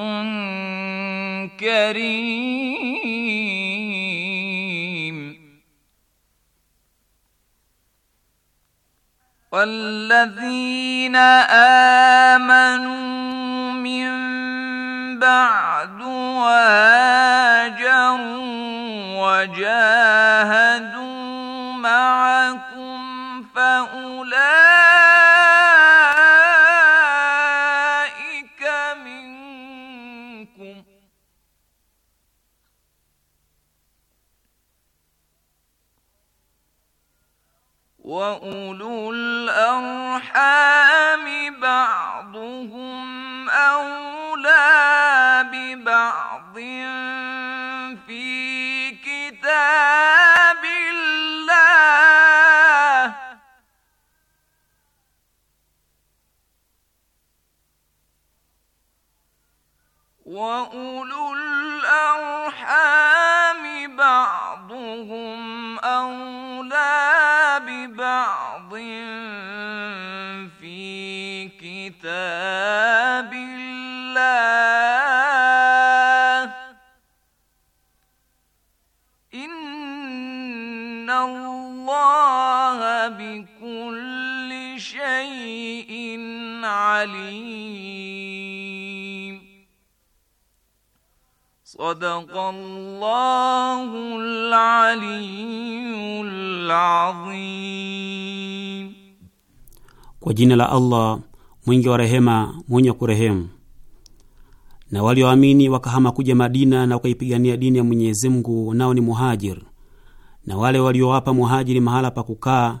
كريم والذين آمنوا من بعد وهاجروا وجاهدوا معكم فأولئك وأولو الأرحام بعضهم أولى ببعض alim. Sadaqallahul aliyyul azim. Kwa jina la Allah mwingi wa rehema mwenye kurehemu. Na walioamini wa wakahama kuja Madina na wakaipigania dini ya Mwenyezi Mungu, nao ni muhajir, na wale waliowapa wa muhajiri mahala pa kukaa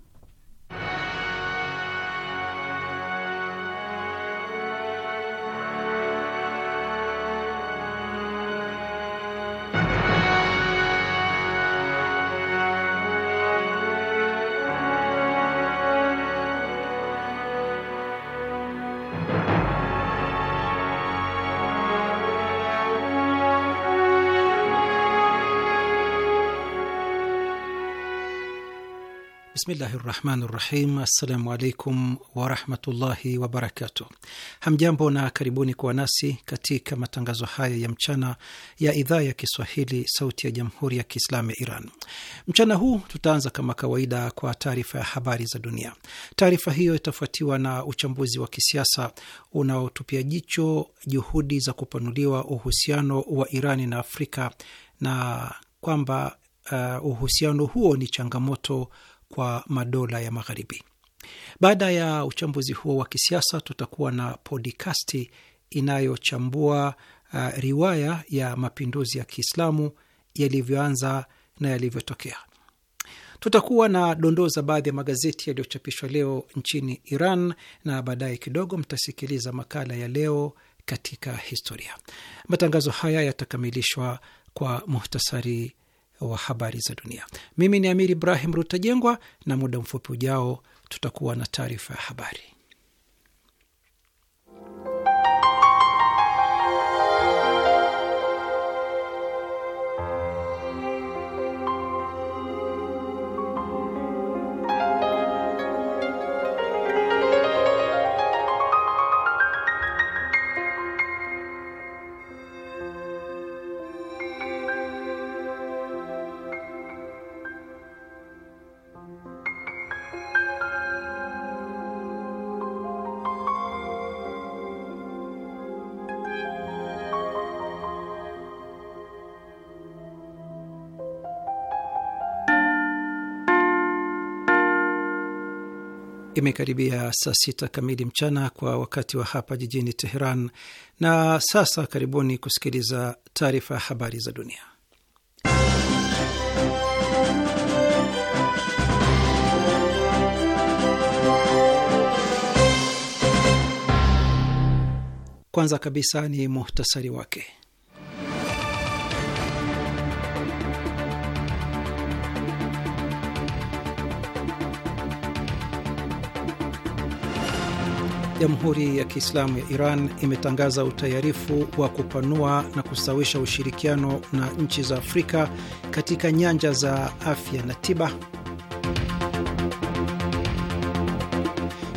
Bismillahi rahmani rahim. Assalamu alaikum warahmatullahi wabarakatuh. Hamjambo na karibuni kuwa nasi katika matangazo haya ya mchana ya idhaa ya Kiswahili sauti ya jamhuri ya Kiislamu ya Iran. Mchana huu tutaanza kama kawaida kwa taarifa ya habari za dunia. Taarifa hiyo itafuatiwa na uchambuzi wa kisiasa unaotupia jicho juhudi za kupanuliwa uhusiano wa Irani na Afrika na kwamba uh, uhusiano huo ni changamoto kwa madola ya Magharibi. Baada ya uchambuzi huo wa kisiasa, tutakuwa na podikasti inayochambua uh, riwaya ya mapinduzi ya Kiislamu yalivyoanza na yalivyotokea. Tutakuwa na dondoo za baadhi ya magazeti yaliyochapishwa leo nchini Iran, na baadaye kidogo mtasikiliza makala ya leo katika historia. Matangazo haya yatakamilishwa kwa muhtasari wa habari za dunia. Mimi ni Amiri Ibrahim Rutajengwa, na muda mfupi ujao tutakuwa na taarifa ya habari. Imekaribia saa sita kamili mchana kwa wakati wa hapa jijini Teheran, na sasa karibuni kusikiliza taarifa ya habari za dunia. Kwanza kabisa ni muhtasari wake. Jamhuri ya Kiislamu ya Iran imetangaza utayarifu wa kupanua na kustawisha ushirikiano na nchi za Afrika katika nyanja za afya na tiba.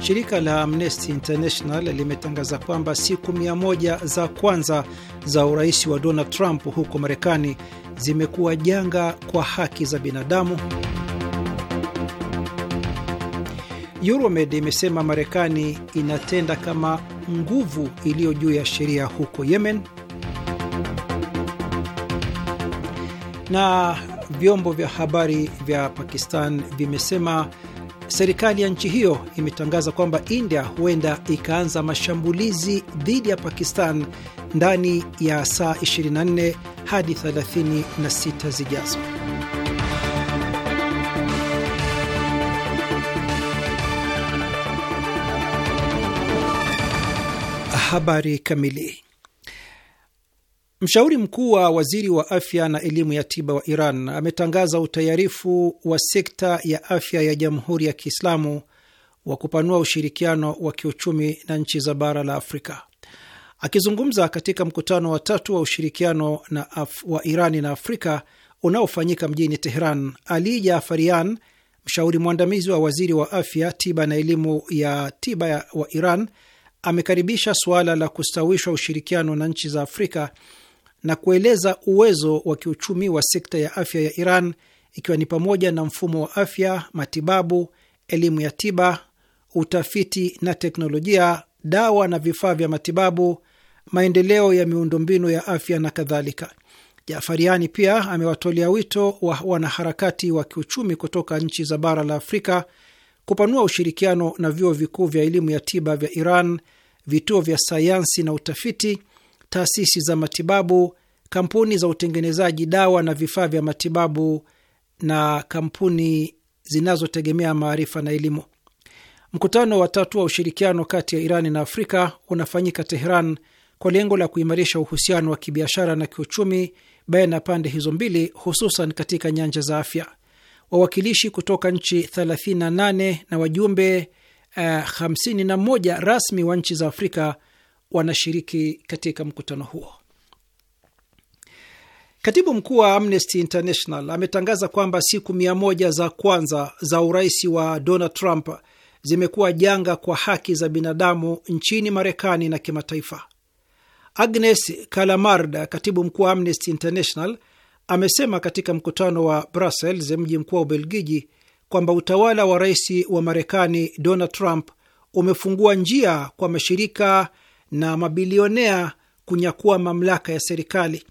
Shirika la Amnesty International limetangaza kwamba siku mia moja za kwanza za urais wa Donald Trump huko Marekani zimekuwa janga kwa haki za binadamu. Euromed imesema Marekani inatenda kama nguvu iliyo juu ya sheria huko Yemen, na vyombo vya habari vya Pakistan vimesema serikali ya nchi hiyo imetangaza kwamba India huenda ikaanza mashambulizi dhidi ya Pakistan ndani ya saa 24 hadi 36 zijazo. Habari kamili. Mshauri mkuu wa waziri wa afya na elimu ya tiba wa Iran ametangaza utayarifu wa sekta ya afya ya Jamhuri ya Kiislamu wa kupanua ushirikiano wa kiuchumi na nchi za bara la Afrika. Akizungumza katika mkutano wa tatu wa ushirikiano na Af wa Irani na Afrika unaofanyika mjini Teheran, Ali Jafarian, mshauri mwandamizi wa waziri wa afya tiba na elimu ya tiba wa Iran amekaribisha suala la kustawishwa ushirikiano na nchi za Afrika na kueleza uwezo wa kiuchumi wa sekta ya afya ya Iran ikiwa ni pamoja na mfumo wa afya, matibabu, elimu ya tiba, utafiti na teknolojia, dawa na vifaa vya matibabu, maendeleo ya miundombinu ya afya na kadhalika. Jafariani pia amewatolea wito wa wanaharakati wa kiuchumi kutoka nchi za bara la Afrika kupanua ushirikiano na vyuo vikuu vya elimu ya tiba vya Iran, vituo vya sayansi na utafiti, taasisi za matibabu, kampuni za utengenezaji dawa na vifaa vya matibabu na kampuni zinazotegemea maarifa na elimu. Mkutano wa tatu wa ushirikiano kati ya Iran na Afrika unafanyika Teheran kwa lengo la kuimarisha uhusiano wa kibiashara na kiuchumi baina ya pande hizo mbili, hususan katika nyanja za afya wawakilishi kutoka nchi 38 na wajumbe uh, eh, 51 rasmi wa nchi za Afrika wanashiriki katika mkutano huo. Katibu mkuu wa Amnesty International ametangaza kwamba siku mia moja za kwanza za urais wa Donald Trump zimekuwa janga kwa haki za binadamu nchini Marekani na kimataifa. Agnes Kalamarda, katibu mkuu wa Amnesty International, amesema katika mkutano wa Brussels, mji mkuu wa Ubelgiji, kwamba utawala wa rais wa Marekani Donald Trump umefungua njia kwa mashirika na mabilionea kunyakua mamlaka ya serikali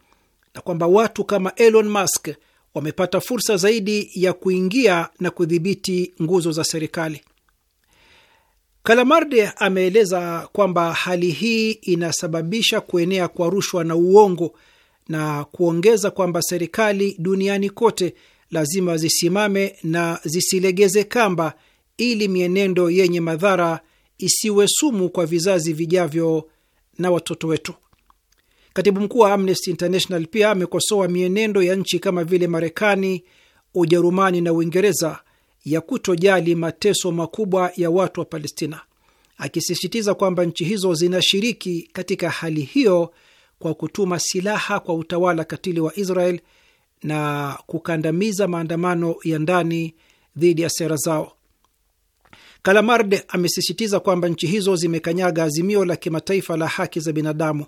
na kwamba watu kama Elon Musk wamepata fursa zaidi ya kuingia na kudhibiti nguzo za serikali. Kalamarde ameeleza kwamba hali hii inasababisha kuenea kwa rushwa na uongo na kuongeza kwamba serikali duniani kote lazima zisimame na zisilegeze kamba ili mienendo yenye madhara isiwe sumu kwa vizazi vijavyo na watoto wetu. Katibu mkuu wa Amnesty International pia amekosoa mienendo ya nchi kama vile Marekani, Ujerumani na Uingereza ya kutojali mateso makubwa ya watu wa Palestina, akisisitiza kwamba nchi hizo zinashiriki katika hali hiyo kwa kutuma silaha kwa utawala katili wa Israel na kukandamiza maandamano ya ndani dhidi ya sera zao. Kalamard amesisitiza kwamba nchi hizo zimekanyaga azimio la kimataifa la haki za binadamu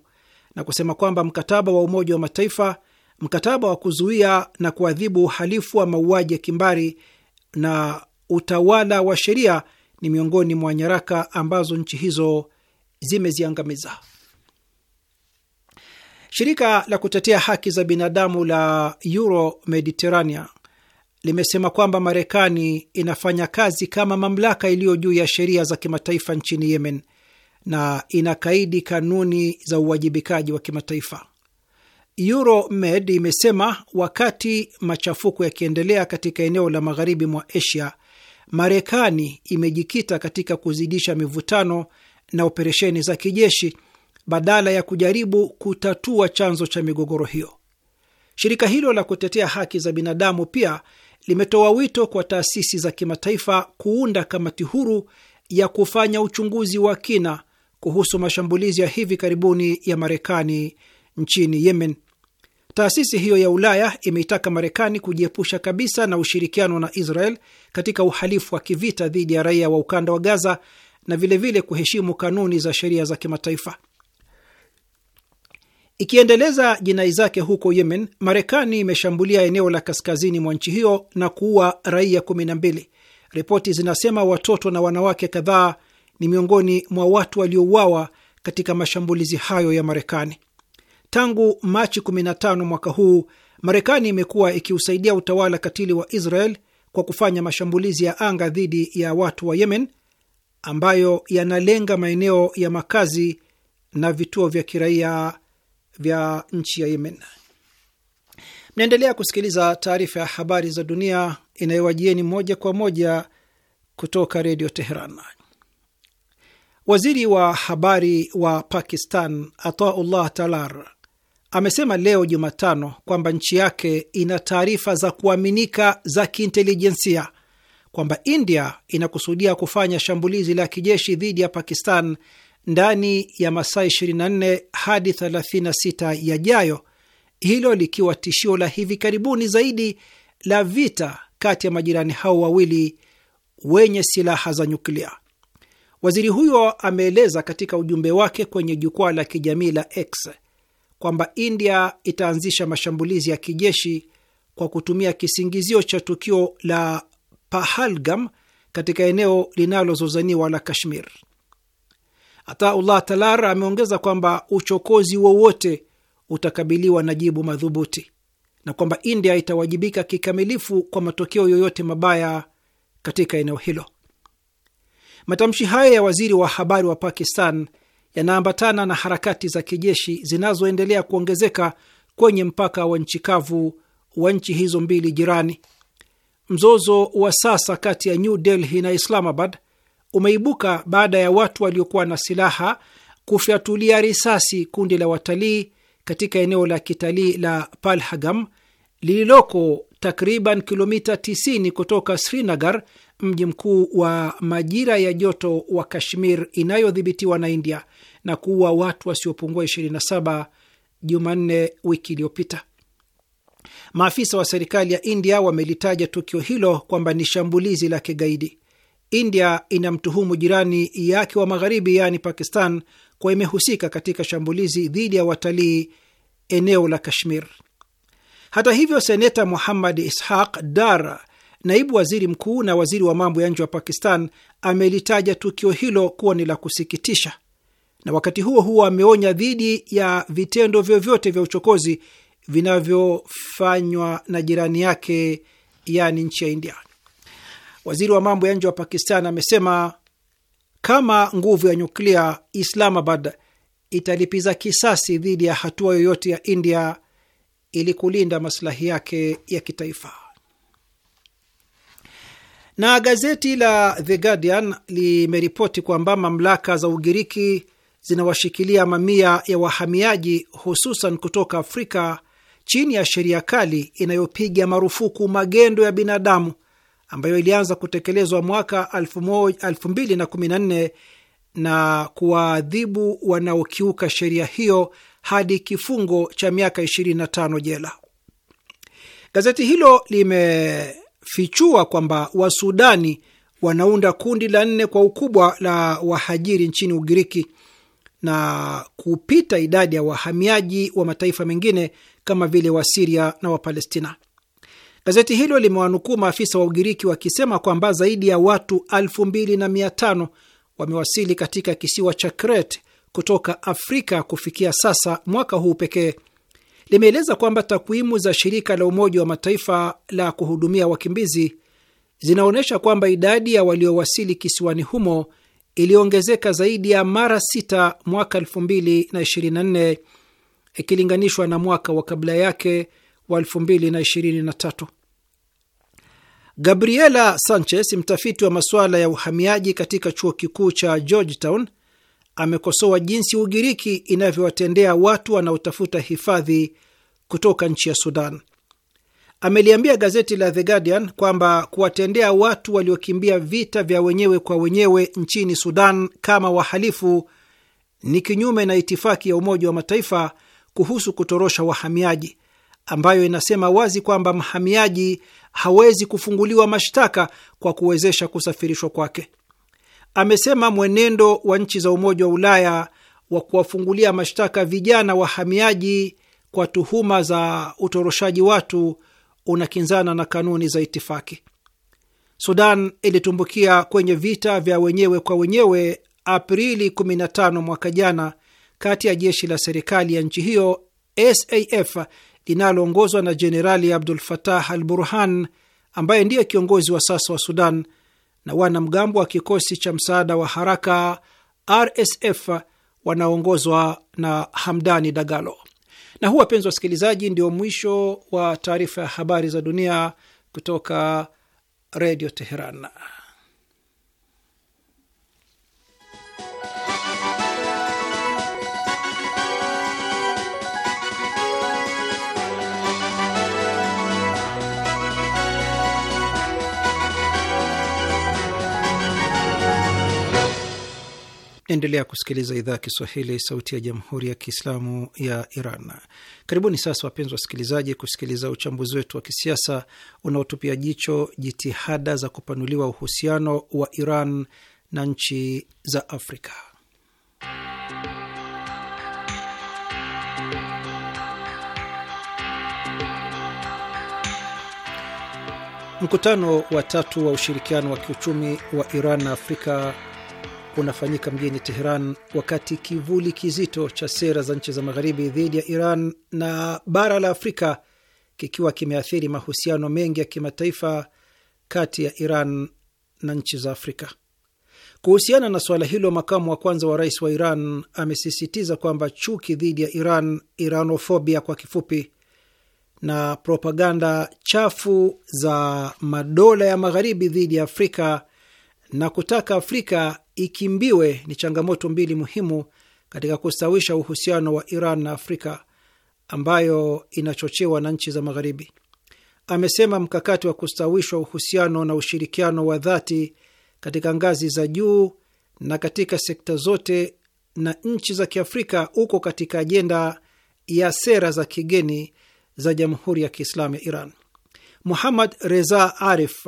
na kusema kwamba mkataba wa Umoja wa Mataifa, mkataba wa kuzuia na kuadhibu uhalifu wa mauaji ya kimbari na utawala wa sheria ni miongoni mwa nyaraka ambazo nchi hizo zimeziangamiza. Shirika la kutetea haki za binadamu la Euro Mediterania limesema kwamba Marekani inafanya kazi kama mamlaka iliyo juu ya sheria za kimataifa nchini Yemen na inakaidi kanuni za uwajibikaji wa kimataifa. Euromed imesema wakati machafuko yakiendelea katika eneo la magharibi mwa Asia, Marekani imejikita katika kuzidisha mivutano na operesheni za kijeshi badala ya kujaribu kutatua chanzo cha migogoro hiyo. Shirika hilo la kutetea haki za binadamu pia limetoa wito kwa taasisi za kimataifa kuunda kamati huru ya kufanya uchunguzi wa kina kuhusu mashambulizi ya hivi karibuni ya Marekani nchini Yemen. Taasisi hiyo ya Ulaya imeitaka Marekani kujiepusha kabisa na ushirikiano na Israel katika uhalifu wa kivita dhidi ya raia wa ukanda wa Gaza na vilevile vile kuheshimu kanuni za sheria za kimataifa. Ikiendeleza jinai zake huko Yemen, Marekani imeshambulia eneo la kaskazini mwa nchi hiyo na kuua raia 12. Ripoti zinasema watoto na wanawake kadhaa ni miongoni mwa watu waliouawa katika mashambulizi hayo ya Marekani. Tangu Machi 15 mwaka huu, Marekani imekuwa ikiusaidia utawala katili wa Israel kwa kufanya mashambulizi ya anga dhidi ya watu wa Yemen ambayo yanalenga maeneo ya makazi na vituo vya kiraia vya nchi ya Yemen. Mnaendelea kusikiliza taarifa ya habari za dunia inayowajieni moja kwa moja kutoka redio Teheran. Waziri wa habari wa Pakistan Ataullah Talar amesema leo Jumatano kwamba nchi yake ina taarifa za kuaminika za kiintelijensia kwamba India inakusudia kufanya shambulizi la kijeshi dhidi ya Pakistan ndani ya masaa 24 hadi 36 yajayo, hilo likiwa tishio la hivi karibuni zaidi la vita kati ya majirani hao wawili wenye silaha za nyuklia. Waziri huyo ameeleza katika ujumbe wake kwenye jukwaa la kijamii la X kwamba India itaanzisha mashambulizi ya kijeshi kwa kutumia kisingizio cha tukio la Pahalgam katika eneo linalozozaniwa la Kashmir. Ataullah Talar ameongeza kwamba uchokozi wowote utakabiliwa na jibu madhubuti na kwamba India itawajibika kikamilifu kwa matokeo yoyote mabaya katika eneo hilo. Matamshi haya ya waziri wa habari wa Pakistan yanaambatana na harakati za kijeshi zinazoendelea kuongezeka kwenye mpaka wa nchi kavu wa nchi hizo mbili jirani. Mzozo wa sasa kati ya New Delhi na Islamabad umeibuka baada ya watu waliokuwa na silaha kufyatulia risasi kundi la watalii katika eneo la kitalii la Palhagam lililoko takriban kilomita 90 kutoka Srinagar, mji mkuu wa majira ya joto wa Kashmir inayodhibitiwa na India na kuua watu wasiopungua 27 Jumanne wiki iliyopita. Maafisa wa serikali ya India wamelitaja tukio hilo kwamba ni shambulizi la kigaidi. India inamtuhumu jirani yake wa magharibi, yaani Pakistan, kwa imehusika katika shambulizi dhidi ya watalii eneo la Kashmir. Hata hivyo, seneta Muhammad Ishaq Dar, naibu waziri mkuu na waziri wa mambo ya nje wa Pakistan, amelitaja tukio hilo kuwa ni la kusikitisha, na wakati huo huo ameonya dhidi ya vitendo vyovyote vya uchokozi vinavyofanywa na jirani yake, yaani nchi ya India. Waziri wa mambo ya nje wa Pakistan amesema kama nguvu ya nyuklia, Islamabad italipiza kisasi dhidi ya hatua yoyote ya India ili kulinda masilahi yake ya kitaifa. Na gazeti la The Guardian limeripoti kwamba mamlaka za Ugiriki zinawashikilia mamia ya wahamiaji hususan kutoka Afrika chini ya sheria kali inayopiga marufuku magendo ya binadamu ambayo ilianza kutekelezwa mwaka 2014 na kuwaadhibu wanaokiuka sheria hiyo hadi kifungo cha miaka 25 jela. Gazeti hilo limefichua kwamba Wasudani wanaunda kundi la nne kwa ukubwa la wahajiri nchini Ugiriki na kupita idadi ya wahamiaji wa mataifa mengine kama vile Wasiria na Wapalestina. Gazeti hilo limewanukuu maafisa wa Ugiriki wakisema kwamba zaidi ya watu 25 wamewasili katika kisiwa cha Crete kutoka Afrika kufikia sasa mwaka huu pekee. Limeeleza kwamba takwimu za shirika la Umoja wa Mataifa la kuhudumia wakimbizi zinaonyesha kwamba idadi ya waliowasili kisiwani humo iliongezeka zaidi ya mara sita mwaka 2024 ikilinganishwa na mwaka wa kabla yake wa 2023. Gabriela Sanchez, mtafiti wa masuala ya uhamiaji katika chuo kikuu cha Georgetown, amekosoa jinsi Ugiriki inavyowatendea watu wanaotafuta hifadhi kutoka nchi ya Sudan. Ameliambia gazeti la The Guardian kwamba kuwatendea watu waliokimbia vita vya wenyewe kwa wenyewe nchini Sudan kama wahalifu ni kinyume na itifaki ya Umoja wa Mataifa kuhusu kutorosha wahamiaji ambayo inasema wazi kwamba mhamiaji hawezi kufunguliwa mashtaka kwa kuwezesha kusafirishwa kwake. Amesema mwenendo wa nchi za Umoja wa Ulaya wa kuwafungulia mashtaka vijana wahamiaji kwa tuhuma za utoroshaji watu unakinzana na kanuni za itifaki. Sudan ilitumbukia kwenye vita vya wenyewe kwa wenyewe Aprili 15 mwaka jana, kati ya jeshi la serikali ya nchi hiyo SAF linaloongozwa na Jenerali Abdul Fatah al Burhan ambaye ndiye kiongozi wa sasa wa Sudan na wanamgambo wa kikosi cha msaada wa haraka RSF wanaoongozwa na Hamdani Dagalo. Na huu, wapenzi wasikilizaji, ndio mwisho wa taarifa ya habari za dunia kutoka Redio Teheran. Naendelea kusikiliza idhaa ya Kiswahili, sauti ya jamhuri ya kiislamu ya Iran. Karibuni sasa, wapenzi wasikilizaji, kusikiliza uchambuzi wetu wa kisiasa unaotupia jicho jitihada za kupanuliwa uhusiano wa Iran na nchi za Afrika. Mkutano wa tatu wa ushirikiano wa kiuchumi wa Iran na Afrika unafanyika mjini Teheran wakati kivuli kizito cha sera za nchi za magharibi dhidi ya Iran na bara la Afrika kikiwa kimeathiri mahusiano mengi ya kimataifa kati ya Iran na nchi za Afrika. Kuhusiana na suala hilo, makamu wa kwanza wa rais wa Iran amesisitiza kwamba chuki dhidi ya Iran, Iranofobia kwa kifupi, na propaganda chafu za madola ya magharibi dhidi ya Afrika na kutaka Afrika ikimbiwe ni changamoto mbili muhimu katika kustawisha uhusiano wa Iran na Afrika ambayo inachochewa na nchi za Magharibi. Amesema mkakati wa kustawishwa uhusiano na ushirikiano wa dhati katika ngazi za juu na katika sekta zote na nchi za Kiafrika uko katika ajenda ya sera za kigeni za Jamhuri ya Kiislamu ya Iran. Muhammad Reza Arif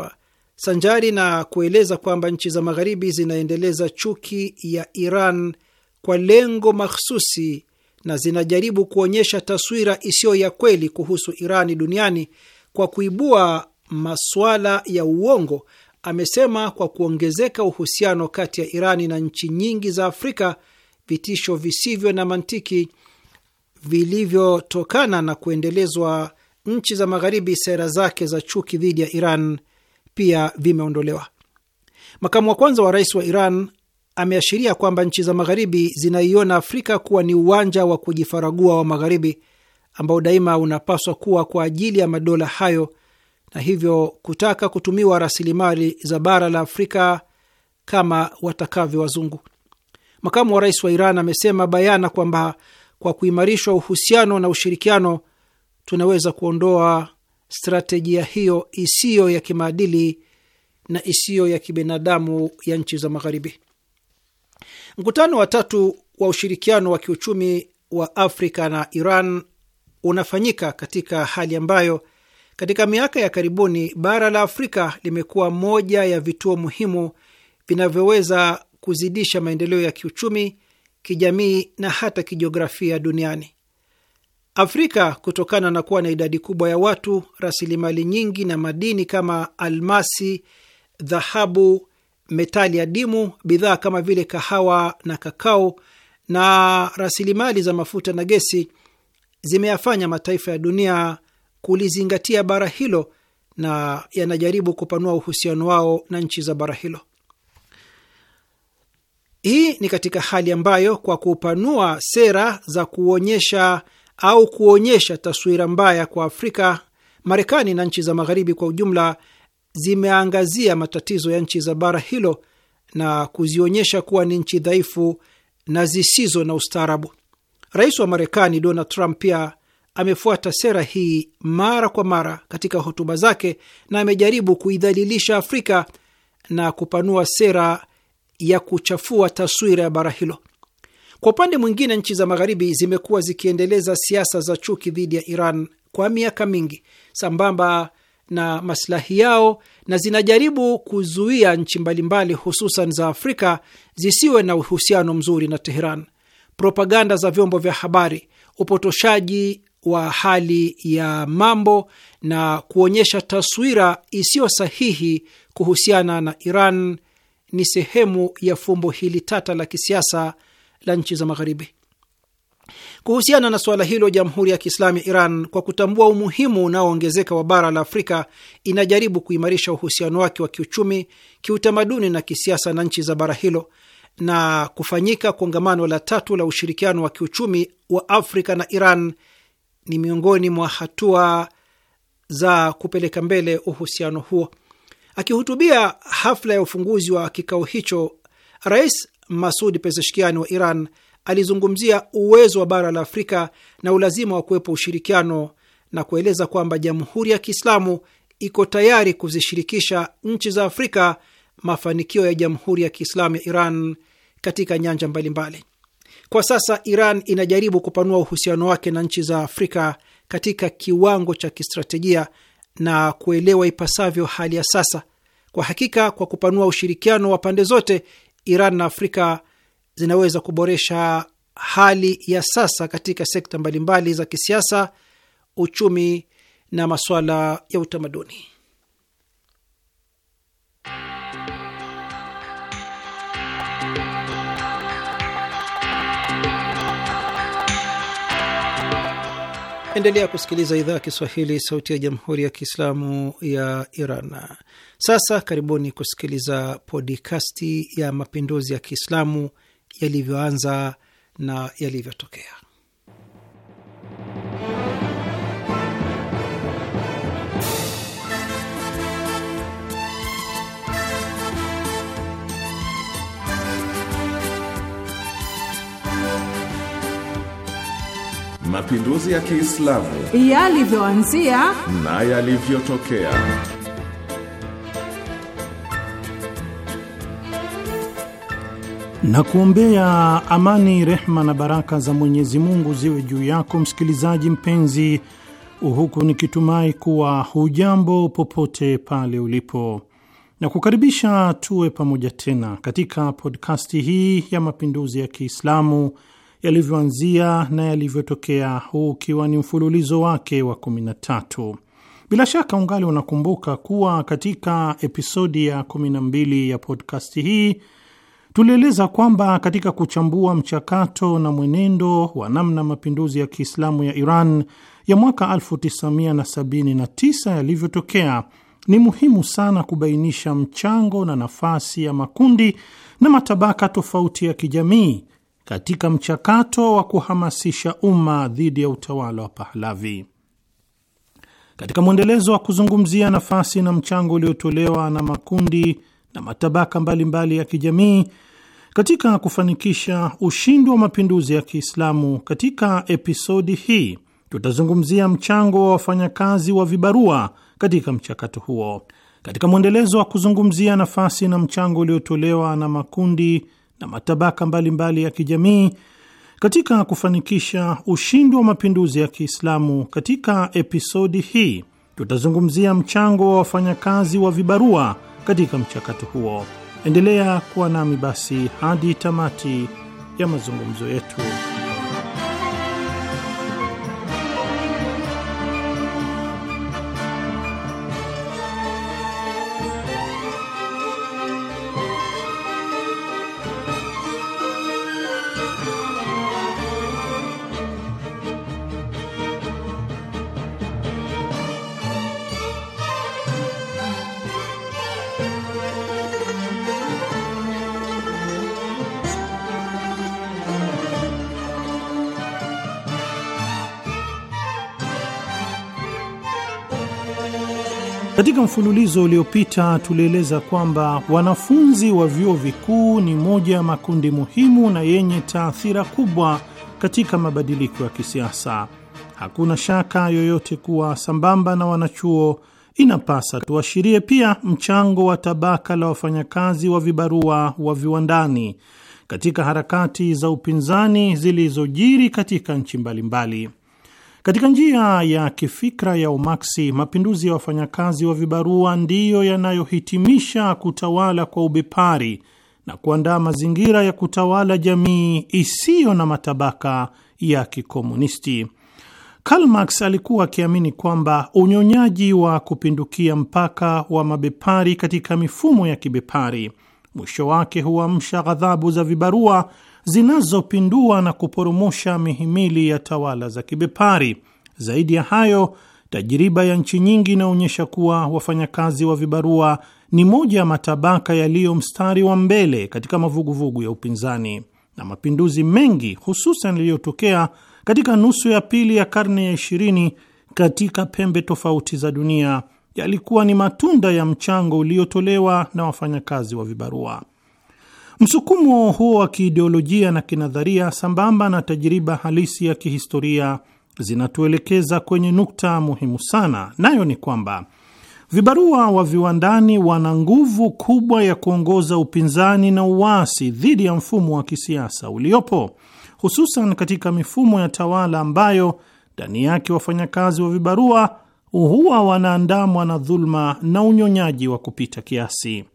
sanjari na kueleza kwamba nchi za Magharibi zinaendeleza chuki ya Iran kwa lengo mahsusi na zinajaribu kuonyesha taswira isiyo ya kweli kuhusu Irani duniani kwa kuibua masuala ya uongo, amesema. Kwa kuongezeka uhusiano kati ya Irani na nchi nyingi za Afrika, vitisho visivyo na mantiki vilivyotokana na kuendelezwa nchi za Magharibi sera zake za chuki dhidi ya Iran pia vimeondolewa. Makamu wa kwanza wa rais wa Iran ameashiria kwamba nchi za magharibi zinaiona Afrika kuwa ni uwanja wa kujifaragua wa magharibi ambao daima unapaswa kuwa kwa ajili ya madola hayo na hivyo kutaka kutumiwa rasilimali za bara la Afrika kama watakavyo wazungu. Makamu wa rais wa Iran amesema bayana kwamba kwa kuimarishwa uhusiano na ushirikiano tunaweza kuondoa stratejia hiyo isiyo ya kimaadili na isiyo ya kibinadamu ya nchi za Magharibi. Mkutano wa tatu wa ushirikiano wa kiuchumi wa Afrika na Iran unafanyika katika hali ambayo katika miaka ya karibuni bara la Afrika limekuwa moja ya vituo muhimu vinavyoweza kuzidisha maendeleo ya kiuchumi, kijamii na hata kijiografia duniani. Afrika kutokana na kuwa na idadi kubwa ya watu, rasilimali nyingi na madini kama almasi, dhahabu, metali adimu, bidhaa kama vile kahawa na kakao na rasilimali za mafuta na gesi zimeyafanya mataifa ya dunia kulizingatia bara hilo na yanajaribu kupanua uhusiano wao na nchi za bara hilo. Hii ni katika hali ambayo kwa kupanua sera za kuonyesha au kuonyesha taswira mbaya kwa Afrika, Marekani na nchi za Magharibi kwa ujumla zimeangazia matatizo ya nchi za bara hilo na kuzionyesha kuwa ni nchi dhaifu na zisizo na ustaarabu. Rais wa Marekani Donald Trump pia amefuata sera hii mara kwa mara katika hotuba zake na amejaribu kuidhalilisha Afrika na kupanua sera ya kuchafua taswira ya bara hilo. Kwa upande mwingine, nchi za Magharibi zimekuwa zikiendeleza siasa za chuki dhidi ya Iran kwa miaka mingi sambamba na masilahi yao na zinajaribu kuzuia nchi mbalimbali hususan za Afrika zisiwe na uhusiano mzuri na Teheran. Propaganda za vyombo vya habari, upotoshaji wa hali ya mambo na kuonyesha taswira isiyo sahihi kuhusiana na Iran ni sehemu ya fumbo hili tata la kisiasa la nchi za Magharibi. Kuhusiana na suala hilo, Jamhuri ya Kiislamu ya Iran, kwa kutambua umuhimu unaoongezeka wa bara la Afrika, inajaribu kuimarisha uhusiano wake wa kiuchumi, kiutamaduni na kisiasa na nchi za bara hilo na kufanyika kongamano la tatu la ushirikiano wa kiuchumi wa Afrika na Iran ni miongoni mwa hatua za kupeleka mbele uhusiano huo. Akihutubia hafla ya ufunguzi wa kikao hicho, Rais Masud Pezeshkian wa Iran alizungumzia uwezo wa bara la Afrika na ulazima wa kuwepo ushirikiano na kueleza kwamba Jamhuri ya Kiislamu iko tayari kuzishirikisha nchi za Afrika mafanikio ya Jamhuri ya Kiislamu ya Iran katika nyanja mbalimbali. Kwa sasa Iran inajaribu kupanua uhusiano wake na nchi za Afrika katika kiwango cha kistratejia na kuelewa ipasavyo hali ya sasa. Kwa hakika, kwa kupanua ushirikiano wa pande zote, Iran na Afrika zinaweza kuboresha hali ya sasa katika sekta mbalimbali za kisiasa, uchumi na masuala ya utamaduni. Endelea kusikiliza idhaa ya Kiswahili, sauti ya jamhuri ya kiislamu ya Iran. Sasa karibuni kusikiliza podikasti ya mapinduzi ya Kiislamu yalivyoanza na yalivyotokea. Mapinduzi ya Kiislamu yalivyoanzia na yalivyotokea. na kuombea amani, rehma na baraka za Mwenyezi Mungu ziwe juu yako msikilizaji mpenzi, huku nikitumai kuwa hujambo popote pale ulipo, na kukaribisha tuwe pamoja tena katika podkasti hii ya mapinduzi ya Kiislamu yalivyoanzia na yalivyotokea, huu ukiwa ni mfululizo wake wa 13. Bila shaka ungali unakumbuka kuwa katika episodi ya 12 ya podkasti hii Tulieleza kwamba katika kuchambua mchakato na mwenendo wa namna mapinduzi ya Kiislamu ya Iran ya mwaka 1979 yalivyotokea, ni muhimu sana kubainisha mchango na nafasi ya makundi na matabaka tofauti ya kijamii katika mchakato wa kuhamasisha umma dhidi ya utawala wa Pahlavi. Katika mwendelezo wa kuzungumzia nafasi na mchango uliotolewa na makundi na matabaka mbalimbali mbali ya kijamii katika kufanikisha ushindi wa mapinduzi ya Kiislamu. Katika episodi hii tutazungumzia mchango wa wafanyakazi wa vibarua katika mchakato huo, katika mwendelezo wa kuzungumzia nafasi na mchango uliotolewa na makundi na matabaka mbalimbali mbali ya kijamii katika kufanikisha ushindi wa mapinduzi ya Kiislamu. Katika episodi hii tutazungumzia mchango wa wafanyakazi wa vibarua katika mchakato huo. Endelea kuwa nami basi hadi tamati ya mazungumzo yetu. mfululizo uliopita tulieleza kwamba wanafunzi wa vyuo vikuu ni moja ya makundi muhimu na yenye taathira kubwa katika mabadiliko ya kisiasa. Hakuna shaka yoyote kuwa sambamba na wanachuo, inapasa tuashirie pia mchango wa tabaka la wafanyakazi wa vibarua wa viwandani katika harakati za upinzani zilizojiri katika nchi mbalimbali mbali. Katika njia ya kifikra ya Umaksi, mapinduzi ya wafanyakazi wa vibarua ndiyo yanayohitimisha kutawala kwa ubepari na kuandaa mazingira ya kutawala jamii isiyo na matabaka ya kikomunisti. Karl Marx alikuwa akiamini kwamba unyonyaji wa kupindukia mpaka wa mabepari katika mifumo ya kibepari mwisho wake huamsha ghadhabu za vibarua zinazopindua na kuporomosha mihimili ya tawala za kibepari. Zaidi ya hayo, tajiriba ya nchi nyingi inaonyesha kuwa wafanyakazi wa vibarua ni moja ya matabaka yaliyo mstari wa mbele katika mavuguvugu ya upinzani, na mapinduzi mengi hususan yaliyotokea katika nusu ya pili ya karne ya ishirini katika pembe tofauti za dunia yalikuwa ni matunda ya mchango uliotolewa na wafanyakazi wa vibarua. Msukumo huo wa kiideolojia na kinadharia sambamba na tajiriba halisi ya kihistoria zinatuelekeza kwenye nukta muhimu sana, nayo ni kwamba vibarua wa viwandani wana nguvu kubwa ya kuongoza upinzani na uasi dhidi ya mfumo wa kisiasa uliopo, hususan katika mifumo ya tawala ambayo ndani yake wafanyakazi wa vibarua huwa wanaandamwa na dhuluma na unyonyaji wa kupita kiasi.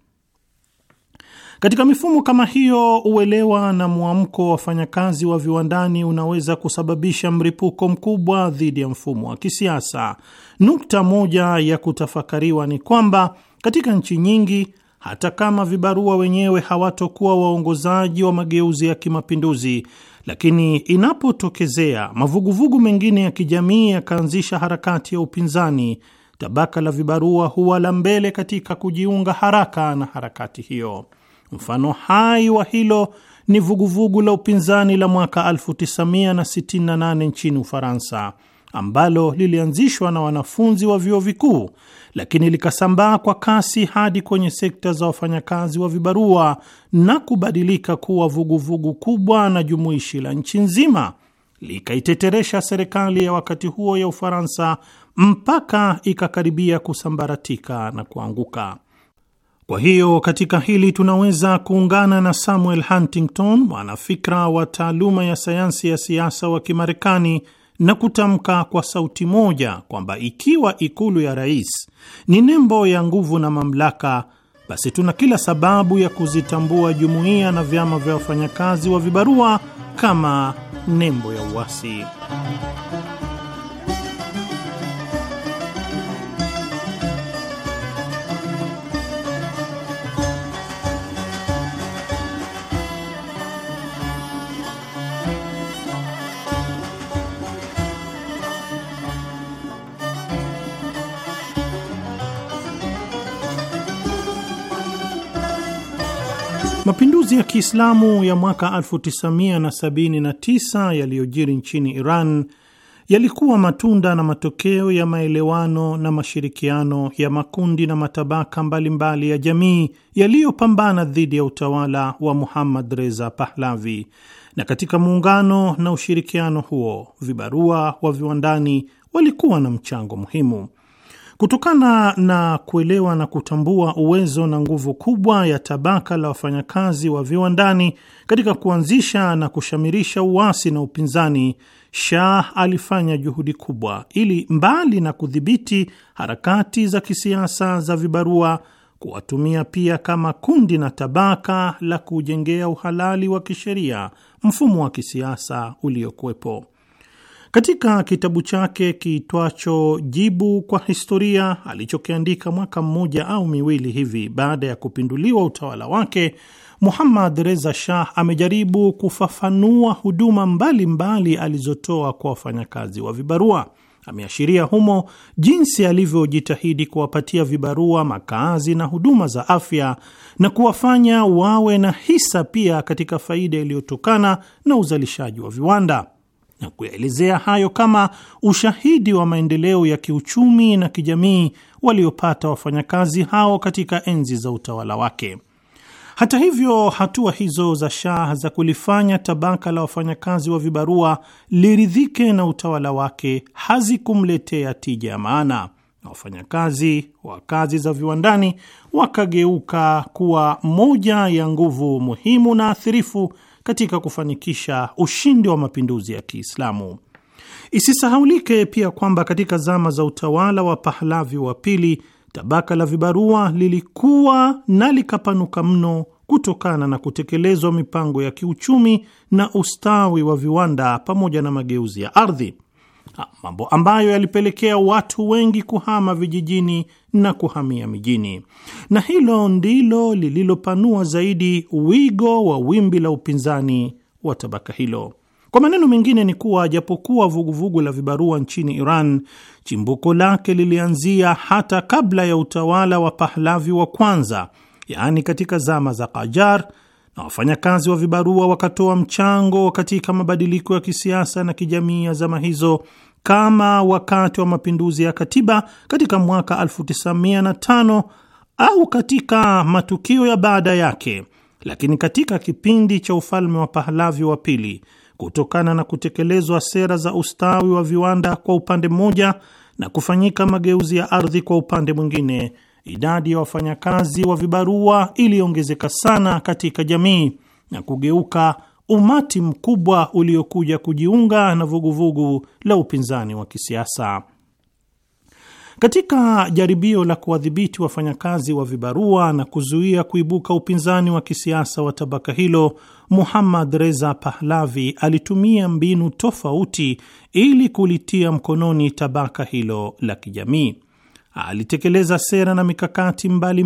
Katika mifumo kama hiyo, uelewa na mwamko wa wafanyakazi wa viwandani unaweza kusababisha mripuko mkubwa dhidi ya mfumo wa kisiasa. Nukta moja ya kutafakariwa ni kwamba katika nchi nyingi, hata kama vibarua wenyewe hawatokuwa waongozaji wa mageuzi ya kimapinduzi, lakini inapotokezea mavuguvugu mengine ya kijamii yakaanzisha harakati ya upinzani, tabaka la vibarua huwa la mbele katika kujiunga haraka na harakati hiyo. Mfano hai wa hilo ni vuguvugu la upinzani la mwaka 1968 nchini Ufaransa ambalo lilianzishwa na wanafunzi wa vyuo vikuu lakini likasambaa kwa kasi hadi kwenye sekta za wafanyakazi wa vibarua na kubadilika kuwa vuguvugu vugu kubwa na jumuishi la nchi nzima, likaiteteresha serikali ya wakati huo ya Ufaransa mpaka ikakaribia kusambaratika na kuanguka. Kwa hiyo katika hili tunaweza kuungana na Samuel Huntington, mwanafikra wa taaluma ya sayansi ya siasa wa Kimarekani, na kutamka kwa sauti moja kwamba ikiwa ikulu ya rais ni nembo ya nguvu na mamlaka, basi tuna kila sababu ya kuzitambua jumuiya na vyama vya wafanyakazi wa vibarua kama nembo ya uasi. Mapinduzi ya Kiislamu ya mwaka 1979 yaliyojiri nchini Iran yalikuwa matunda na matokeo ya maelewano na mashirikiano ya makundi na matabaka mbalimbali mbali ya jamii yaliyopambana dhidi ya utawala wa Muhammad Reza Pahlavi. Na katika muungano na ushirikiano huo, vibarua wa viwandani walikuwa na mchango muhimu. Kutokana na kuelewa na kutambua uwezo na nguvu kubwa ya tabaka la wafanyakazi wa viwandani katika kuanzisha na kushamirisha uasi na upinzani, Shah alifanya juhudi kubwa ili mbali na kudhibiti harakati za kisiasa za vibarua, kuwatumia pia kama kundi na tabaka la kujengea uhalali wa kisheria mfumo wa kisiasa uliokuwepo. Katika kitabu chake kiitwacho Jibu kwa Historia alichokiandika mwaka mmoja au miwili hivi baada ya kupinduliwa utawala wake, Muhammad Reza Shah amejaribu kufafanua huduma mbalimbali mbali alizotoa kwa wafanyakazi wa vibarua. Ameashiria humo jinsi alivyojitahidi kuwapatia vibarua makazi na huduma za afya na kuwafanya wawe na hisa pia katika faida iliyotokana na uzalishaji wa viwanda na kuyaelezea hayo kama ushahidi wa maendeleo ya kiuchumi na kijamii waliopata wafanyakazi hao katika enzi za utawala wake. Hata hivyo, hatua hizo za Shah za kulifanya tabaka la wafanyakazi wa vibarua liridhike na utawala wake hazikumletea tija ya maana, na wafanyakazi wa kazi za viwandani wakageuka kuwa moja ya nguvu muhimu na athirifu katika kufanikisha ushindi wa mapinduzi ya Kiislamu. Isisahaulike pia kwamba katika zama za utawala wa Pahlavi wa pili, tabaka la vibarua lilikuwa na likapanuka mno kutokana na kutekelezwa mipango ya kiuchumi na ustawi wa viwanda pamoja na mageuzi ya ardhi. Ah, mambo ambayo yalipelekea watu wengi kuhama vijijini na kuhamia mijini, na hilo ndilo lililopanua zaidi wigo wa wimbi la upinzani wa tabaka hilo. Kwa maneno mengine ni kuwa japokuwa vuguvugu la vibarua nchini Iran chimbuko lake lilianzia hata kabla ya utawala wa Pahlavi wa kwanza, yaani katika zama za Qajar na wafanyakazi wa vibarua wakatoa mchango katika mabadiliko ya kisiasa na kijamii ya zama hizo kama wakati wa mapinduzi ya katiba katika mwaka 1905 au katika matukio ya baada yake, lakini katika kipindi cha ufalme wa Pahlavi wa pili, kutokana na kutekelezwa sera za ustawi wa viwanda kwa upande mmoja na kufanyika mageuzi ya ardhi kwa upande mwingine idadi ya wafanyakazi wa vibarua iliongezeka sana katika jamii na kugeuka umati mkubwa uliokuja kujiunga na vuguvugu vugu la upinzani wa kisiasa. Katika jaribio la kuwadhibiti wafanyakazi wa vibarua na kuzuia kuibuka upinzani wa kisiasa wa tabaka hilo, Muhammad Reza Pahlavi alitumia mbinu tofauti ili kulitia mkononi tabaka hilo la kijamii alitekeleza sera na mikakati mbalimbali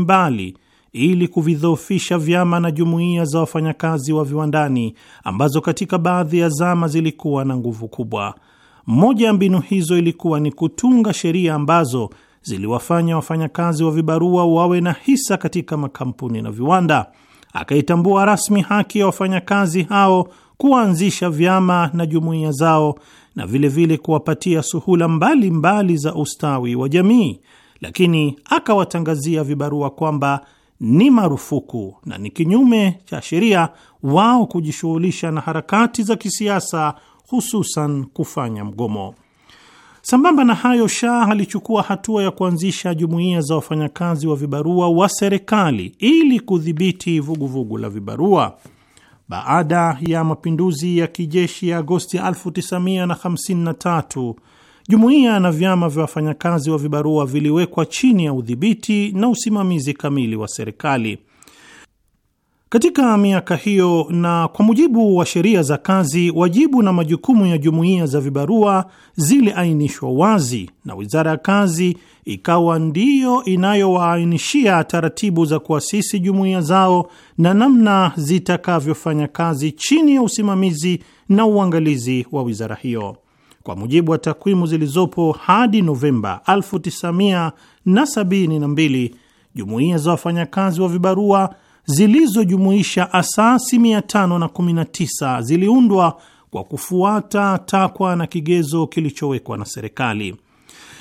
mbali ili kuvidhoofisha vyama na jumuiya za wafanyakazi wa viwandani ambazo katika baadhi ya zama zilikuwa na nguvu kubwa. Moja ya mbinu hizo ilikuwa ni kutunga sheria ambazo ziliwafanya wafanyakazi wa vibarua wawe na hisa katika makampuni na viwanda. Akaitambua rasmi haki ya wafanyakazi hao kuanzisha vyama na jumuiya zao na vilevile kuwapatia suhula mbalimbali mbali za ustawi wa jamii, lakini akawatangazia vibarua kwamba ni marufuku na ni kinyume cha sheria wao kujishughulisha na harakati za kisiasa, hususan kufanya mgomo. Sambamba na hayo, Shah alichukua hatua ya kuanzisha jumuiya za wafanyakazi wa vibarua wa serikali ili kudhibiti vuguvugu la vibarua. Baada ya mapinduzi ya kijeshi ya Agosti 1953 jumuiya na vyama vya wafanyakazi wa vibarua viliwekwa chini ya udhibiti na usimamizi kamili wa serikali. Katika miaka hiyo, na kwa mujibu wa sheria za kazi, wajibu na majukumu ya jumuiya za vibarua ziliainishwa wazi, na wizara ya kazi ikawa ndiyo inayowaainishia taratibu za kuasisi jumuiya zao na namna zitakavyofanya kazi chini ya usimamizi na uangalizi wa wizara hiyo. Kwa mujibu wa takwimu zilizopo hadi Novemba 1972 jumuiya za wafanyakazi wa vibarua zilizojumuisha asasi 519 ziliundwa kwa kufuata takwa na kigezo kilichowekwa na serikali.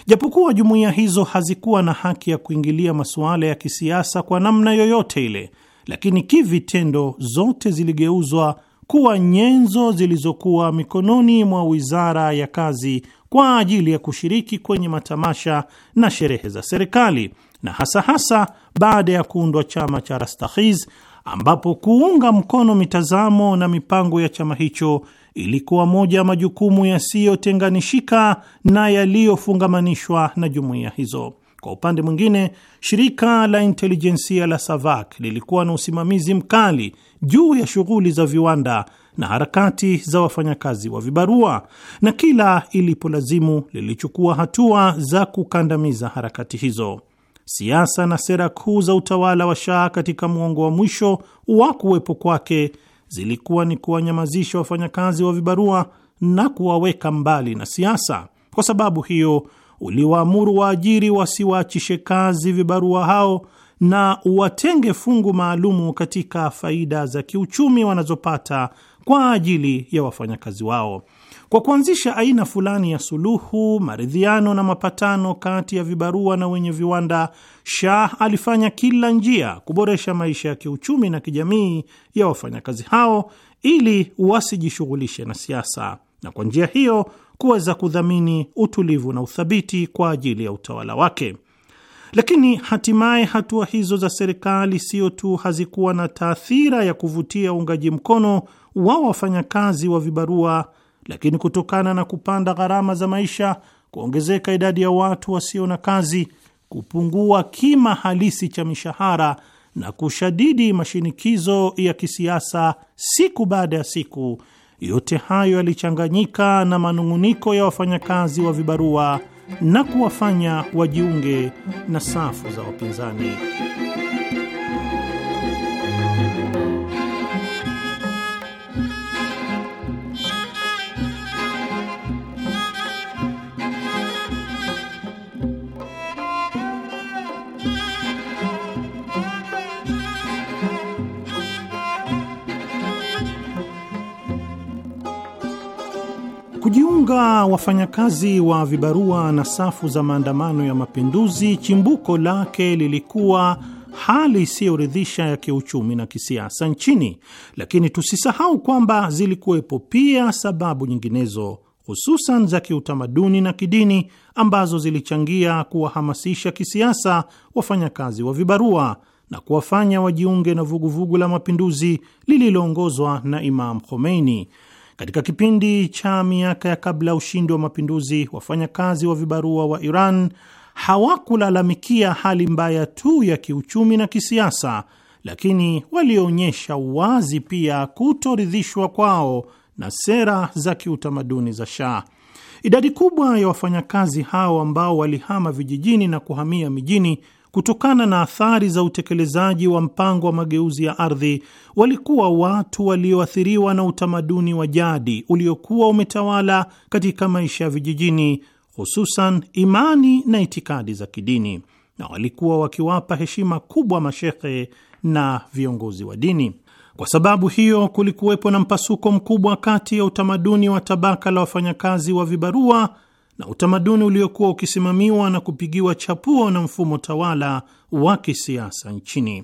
Japokuwa jumuiya hizo hazikuwa na haki ya kuingilia masuala ya kisiasa kwa namna yoyote ile, lakini kivitendo zote ziligeuzwa kuwa nyenzo zilizokuwa mikononi mwa wizara ya kazi kwa ajili ya kushiriki kwenye matamasha na sherehe za serikali na hasa hasa baada ya kuundwa chama cha Rastakhiz, ambapo kuunga mkono mitazamo na mipango ya chama hicho ilikuwa moja ya majukumu yasiyotenganishika na yaliyofungamanishwa na jumuiya hizo. Kwa upande mwingine, shirika la intelijensia la SAVAK lilikuwa na usimamizi mkali juu ya shughuli za viwanda na harakati za wafanyakazi wa vibarua, na kila ilipolazimu lilichukua hatua za kukandamiza harakati hizo siasa na sera kuu za utawala wa Shah katika mwongo wa mwisho wa kuwepo kwake zilikuwa ni kuwanyamazisha wafanyakazi wa vibarua na kuwaweka mbali na siasa. Kwa sababu hiyo, uliwaamuru waajiri wasiwaachishe kazi vibarua hao na uwatenge fungu maalumu katika faida za kiuchumi wanazopata kwa ajili ya wafanyakazi wao. Kwa kuanzisha aina fulani ya suluhu, maridhiano na mapatano kati ya vibarua na wenye viwanda, Shah alifanya kila njia kuboresha maisha ya kiuchumi na kijamii ya wafanyakazi hao ili wasijishughulishe na siasa, na kwa njia hiyo kuweza kudhamini utulivu na uthabiti kwa ajili ya utawala wake. Lakini hatimaye hatua hizo za serikali sio tu hazikuwa na taathira ya kuvutia uungaji mkono wa wafanyakazi wa vibarua lakini kutokana na kupanda gharama za maisha, kuongezeka idadi ya watu wasio na kazi, kupungua kima halisi cha mishahara na kushadidi mashinikizo ya kisiasa siku baada ya siku, yote hayo yalichanganyika na manung'uniko ya wafanyakazi wa vibarua na kuwafanya wajiunge na safu za wapinzani. Kujiunga wafanyakazi wa vibarua na safu za maandamano ya mapinduzi, chimbuko lake lilikuwa hali isiyoridhisha ya kiuchumi na kisiasa nchini, lakini tusisahau kwamba zilikuwepo pia sababu nyinginezo hususan za kiutamaduni na kidini ambazo zilichangia kuwahamasisha kisiasa wafanyakazi wa vibarua na kuwafanya wajiunge na vuguvugu la mapinduzi lililoongozwa na Imam Khomeini katika kipindi cha miaka ya kabla ya ushindi wa mapinduzi, wafanyakazi wa vibarua wa Iran hawakulalamikia hali mbaya tu ya kiuchumi na kisiasa, lakini walionyesha wazi pia kutoridhishwa kwao na sera za kiutamaduni za Shah. Idadi kubwa ya wafanyakazi hao ambao walihama vijijini na kuhamia mijini kutokana na athari za utekelezaji wa mpango wa mageuzi ya ardhi, walikuwa watu walioathiriwa na utamaduni wa jadi uliokuwa umetawala katika maisha ya vijijini, hususan imani na itikadi za kidini, na walikuwa wakiwapa heshima kubwa mashehe na viongozi wa dini. Kwa sababu hiyo, kulikuwepo na mpasuko mkubwa kati ya utamaduni wa tabaka la wafanyakazi wa vibarua na utamaduni uliokuwa ukisimamiwa na kupigiwa chapuo na mfumo tawala wa kisiasa nchini.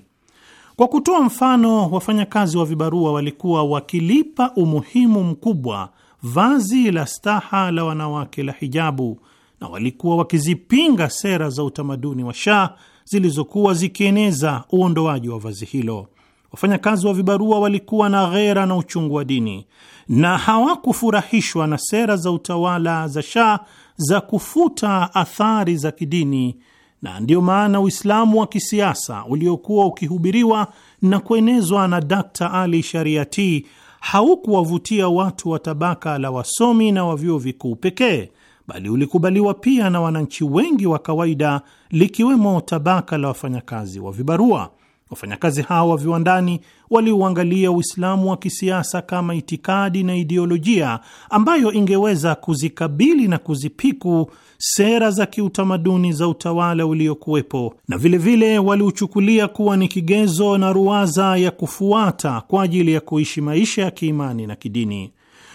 Kwa kutoa mfano, wafanyakazi wa vibarua walikuwa wakilipa umuhimu mkubwa vazi la staha la wanawake la hijabu, na walikuwa wakizipinga sera za utamaduni wa Shah zilizokuwa zikieneza uondoaji wa vazi hilo. Wafanyakazi wa vibarua walikuwa na ghera na uchungu wa dini na hawakufurahishwa na sera za utawala za Shah za kufuta athari za kidini, na ndiyo maana Uislamu wa kisiasa uliokuwa ukihubiriwa na kuenezwa na Dkt. Ali Shariati haukuwavutia watu wa tabaka la wasomi na wa vyuo vikuu pekee, bali ulikubaliwa pia na wananchi wengi wa kawaida, likiwemo tabaka la wafanyakazi wa vibarua. Wafanyakazi hao wa viwandani waliuangalia Uislamu wa kisiasa kama itikadi na ideolojia ambayo ingeweza kuzikabili na kuzipiku sera za kiutamaduni za utawala uliokuwepo, na vilevile waliuchukulia kuwa ni kigezo na ruwaza ya kufuata kwa ajili ya kuishi maisha ya kiimani na kidini.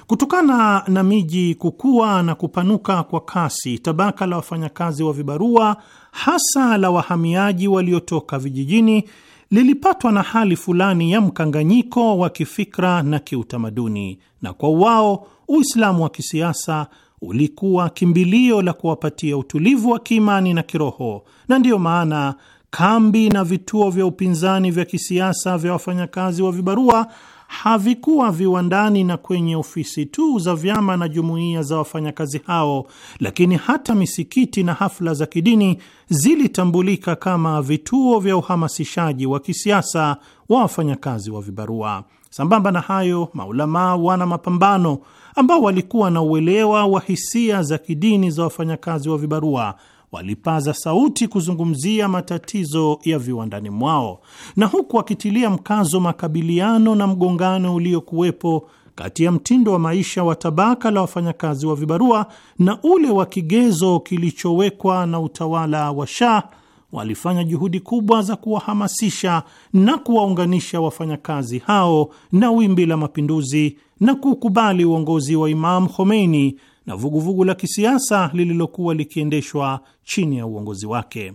Kutokana na miji kukua na kupanuka kwa kasi, tabaka la wafanyakazi wa vibarua, hasa la wahamiaji waliotoka vijijini, lilipatwa na hali fulani ya mkanganyiko wa kifikra na kiutamaduni, na kwa wao Uislamu wa kisiasa ulikuwa kimbilio la kuwapatia utulivu wa kiimani na kiroho, na ndiyo maana kambi na vituo vya upinzani vya kisiasa vya wafanyakazi wa vibarua havikuwa viwandani na kwenye ofisi tu za vyama na jumuiya za wafanyakazi hao, lakini hata misikiti na hafla za kidini zilitambulika kama vituo vya uhamasishaji wa kisiasa wa wafanyakazi wa vibarua. Sambamba na hayo, maulamaa wana mapambano ambao walikuwa na uelewa wa hisia za kidini za wafanyakazi wa vibarua walipaza sauti kuzungumzia matatizo ya viwandani mwao, na huku wakitilia mkazo makabiliano na mgongano uliokuwepo kati ya mtindo wa maisha wa tabaka la wafanyakazi wa vibarua na ule wa kigezo kilichowekwa na utawala wa Shah, walifanya juhudi kubwa za kuwahamasisha na kuwaunganisha wafanyakazi hao na wimbi la mapinduzi na kukubali uongozi wa Imam Khomeini na vuguvugu vugu la kisiasa lililokuwa likiendeshwa chini ya uongozi wake.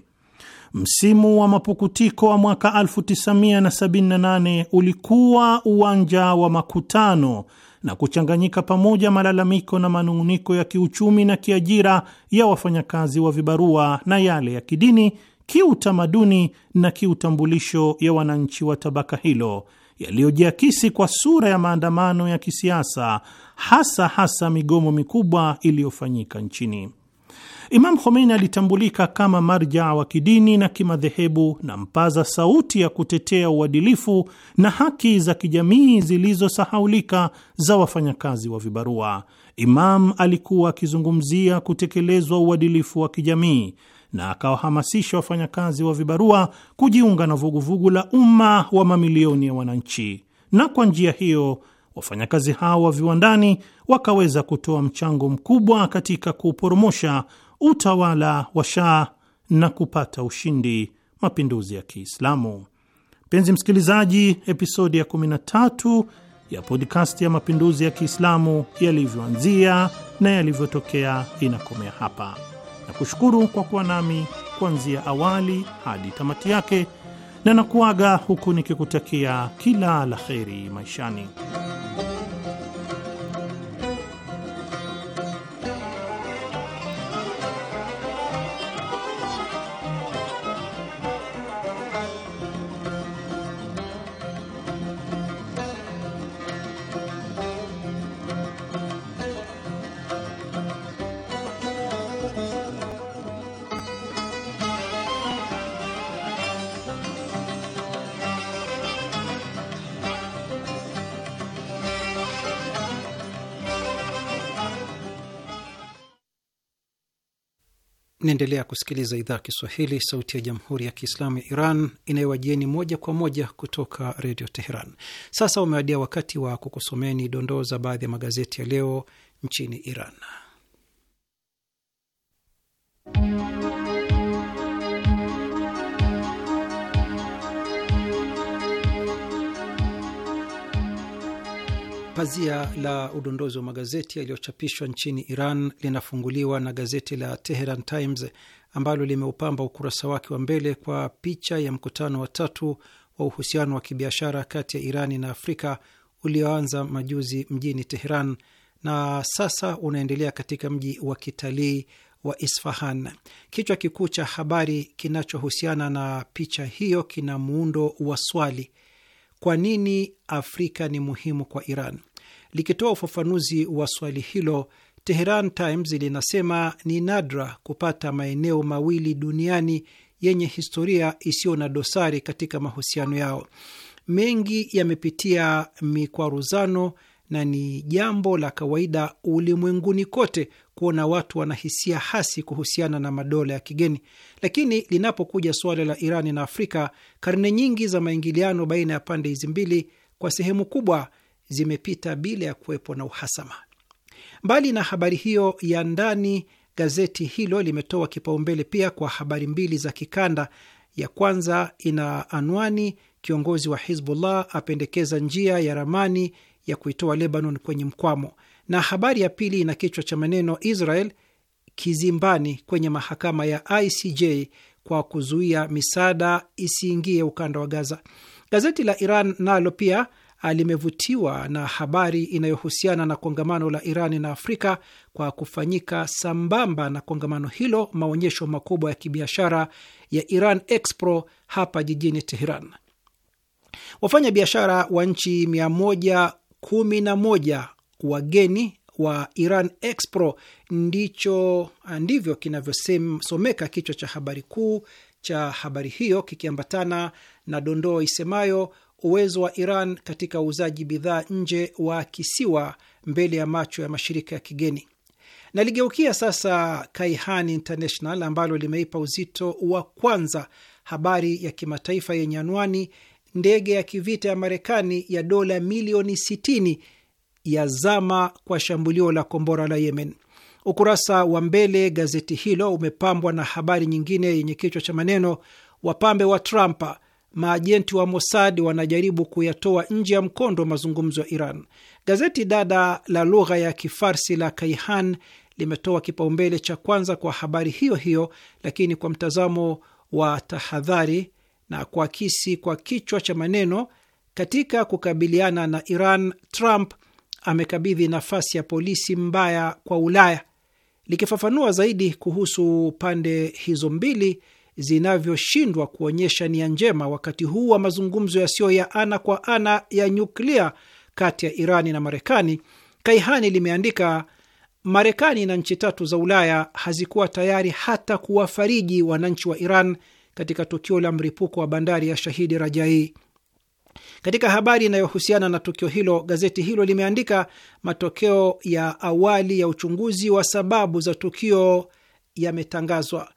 Msimu wa mapukutiko wa mwaka 1978 ulikuwa uwanja wa makutano na kuchanganyika pamoja malalamiko na manung'uniko ya kiuchumi na kiajira ya wafanyakazi wa vibarua na yale ya kidini, kiutamaduni na kiutambulisho ya wananchi wa tabaka hilo yaliyojiakisi kwa sura ya maandamano ya kisiasa, hasa hasa migomo mikubwa iliyofanyika nchini. Imam Khomeini alitambulika kama marjaa wa kidini na kimadhehebu na mpaza sauti ya kutetea uadilifu na haki za kijamii zilizosahaulika za wafanyakazi wa vibarua. Imam alikuwa akizungumzia kutekelezwa uadilifu wa kijamii na akawahamasisha wafanyakazi wa vibarua kujiunga na vuguvugu la umma wa mamilioni ya wananchi, na kwa njia hiyo wafanyakazi hao wa viwandani wakaweza kutoa mchango mkubwa katika kuporomosha utawala wa Shah na kupata ushindi mapinduzi ya Kiislamu. Mpenzi msikilizaji, episodi ya 13 ya podcast ya mapinduzi ya Kiislamu yalivyoanzia na yalivyotokea inakomea hapa na kushukuru kwa kuwa nami kuanzia awali hadi tamati yake, na nakuaga huku nikikutakia kila la kheri maishani. naendelea kusikiliza idhaa Kiswahili sauti ya jamhuri ya kiislamu ya Iran inayowajieni moja kwa moja kutoka redio Teheran. Sasa umewadia wakati wa kukusomeni dondoo za baadhi ya magazeti ya leo nchini Iran. Pazia la udondozi wa magazeti yaliyochapishwa nchini Iran linafunguliwa na gazeti la Teheran Times ambalo limeupamba ukurasa wake wa mbele kwa picha ya mkutano wa tatu wa uhusiano wa kibiashara kati ya Irani na Afrika ulioanza majuzi mjini Teheran na sasa unaendelea katika mji wa kitalii wa Isfahan. Kichwa kikuu cha habari kinachohusiana na picha hiyo kina muundo wa swali: kwa nini Afrika ni muhimu kwa Iran? Likitoa ufafanuzi wa swali hilo, Teheran Times linasema ni nadra kupata maeneo mawili duniani yenye historia isiyo na dosari katika mahusiano yao. Mengi yamepitia mikwaruzano na ni jambo la kawaida ulimwenguni kote kuona watu wanahisia hasi kuhusiana na madola ya kigeni, lakini linapokuja suala la Irani na Afrika, karne nyingi za maingiliano baina ya pande hizi mbili kwa sehemu kubwa zimepita bila ya kuwepo na uhasama. Mbali na habari hiyo ya ndani, gazeti hilo limetoa kipaumbele pia kwa habari mbili za kikanda. Ya kwanza ina anwani kiongozi wa Hizbullah apendekeza njia ya ramani ya kuitoa Lebanon kwenye mkwamo, na habari ya pili ina kichwa cha maneno Israel kizimbani kwenye mahakama ya ICJ kwa kuzuia misaada isiingie ukanda wa Gaza. Gazeti la Iran nalo pia limevutiwa na habari inayohusiana na kongamano la Irani na Afrika kwa kufanyika sambamba na kongamano hilo maonyesho makubwa ya kibiashara ya Iran Expo hapa jijini Teheran. biashara wa nchi 111 wageni wa Iran Expo ndicho ndivyo kinavyosomeka kichwa cha habari kuu cha habari hiyo kikiambatana na dondoo isemayo uwezo wa Iran katika uuzaji bidhaa nje wa kisiwa mbele ya macho ya mashirika ya kigeni. Naligeukia sasa Kaihan International ambalo limeipa uzito wa kwanza habari ya kimataifa yenye anwani ndege ya kivita ya Marekani ya dola milioni 60 ya zama kwa shambulio la kombora la Yemen. Ukurasa wa mbele gazeti hilo umepambwa na habari nyingine yenye kichwa cha maneno wapambe wa Trump maajenti wa Mosadi wanajaribu kuyatoa nje ya mkondo mazungumzo ya Iran. Gazeti dada la lugha ya Kifarsi la Kaihan limetoa kipaumbele cha kwanza kwa habari hiyo hiyo, lakini kwa mtazamo wa tahadhari na kuakisi kwa kichwa cha maneno, katika kukabiliana na Iran, Trump amekabidhi nafasi ya polisi mbaya kwa Ulaya. Likifafanua zaidi kuhusu pande hizo mbili, zinavyoshindwa kuonyesha nia njema wakati huu wa mazungumzo yasiyo ya ana kwa ana ya nyuklia kati ya Irani na Marekani, Kaihani limeandika Marekani na nchi tatu za Ulaya hazikuwa tayari hata kuwafariji wananchi wa Iran katika tukio la mlipuko wa bandari ya Shahidi Rajai. Katika habari inayohusiana na tukio hilo, gazeti hilo limeandika matokeo ya awali ya uchunguzi wa sababu za tukio yametangazwa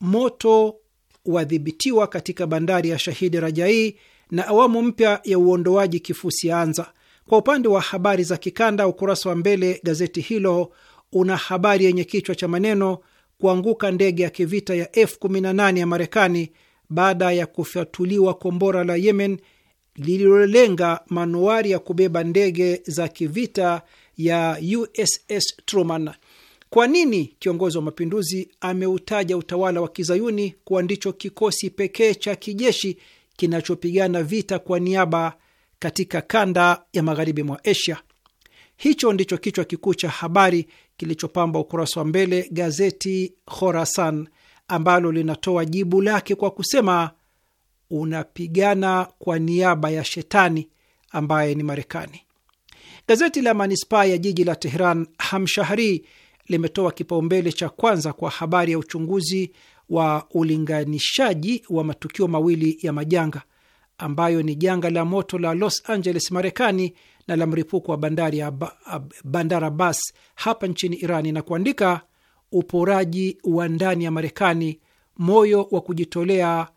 moto wadhibitiwa katika bandari ya Shahidi Rajai na awamu mpya ya uondoaji kifusi anza. Kwa upande wa habari za kikanda, ukurasa wa mbele gazeti hilo una habari yenye kichwa cha maneno kuanguka ndege ya kivita ya F18 ya Marekani baada ya kufyatuliwa kombora la Yemen lililolenga manuari ya kubeba ndege za kivita ya USS Truman. Kwa nini kiongozi wa mapinduzi ameutaja utawala wa kizayuni kuwa ndicho kikosi pekee cha kijeshi kinachopigana vita kwa niaba katika kanda ya magharibi mwa Asia? Hicho ndicho kichwa kikuu cha habari kilichopamba ukurasa wa mbele gazeti Khorasan, ambalo linatoa jibu lake kwa kusema unapigana kwa niaba ya shetani ambaye ni Marekani. Gazeti la manispaa ya jiji la Tehran Hamshahri limetoa kipaumbele cha kwanza kwa habari ya uchunguzi wa ulinganishaji wa matukio mawili ya majanga ambayo ni janga la moto la Los Angeles, Marekani na la mripuko wa bandari ya Bandar Abbas hapa nchini Irani, na kuandika uporaji wa ndani ya Marekani, moyo wa kujitolea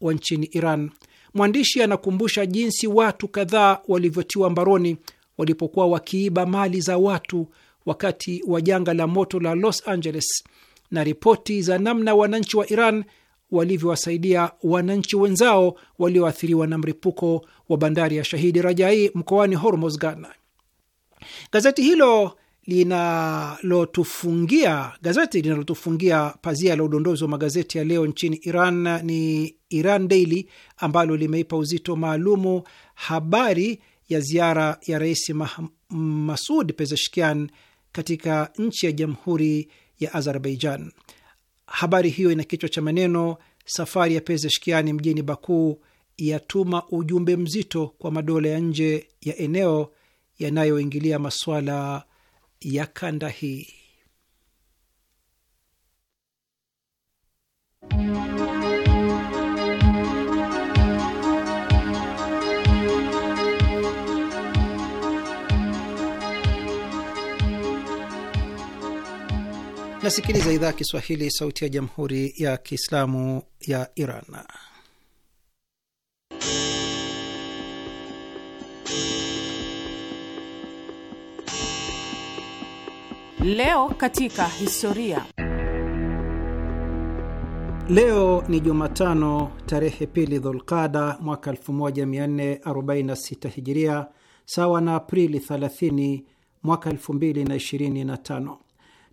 wa nchini Iran. Mwandishi anakumbusha jinsi watu kadhaa walivyotiwa mbaroni walipokuwa wakiiba mali za watu wakati wa janga la moto la Los Angeles na ripoti za namna wananchi wa Iran walivyowasaidia wananchi wenzao walioathiriwa na mlipuko wa bandari ya Shahidi Rajai mkoani hormos gana Gazeti hilo linalotufungia gazeti linalotufungia pazia la udondozi wa magazeti ya leo nchini Iran ni Iran Daily ambalo limeipa uzito maalumu habari ya ziara ya Rais Masud Pezeshkian katika nchi ya Jamhuri ya Azerbaijan. Habari hiyo ina kichwa cha maneno safari ya Pezeshkiani mjini Bakuu yatuma ujumbe mzito kwa madola ya nje ya eneo yanayoingilia masuala ya kanda hii. Nasikiliza idhaa Kiswahili sauti ya jamhuri ya Kiislamu ya Iran. Leo katika historia. Leo ni Jumatano, tarehe pili Dhulqada mwaka 1446 Hijiria, sawa na Aprili 30 mwaka 2025.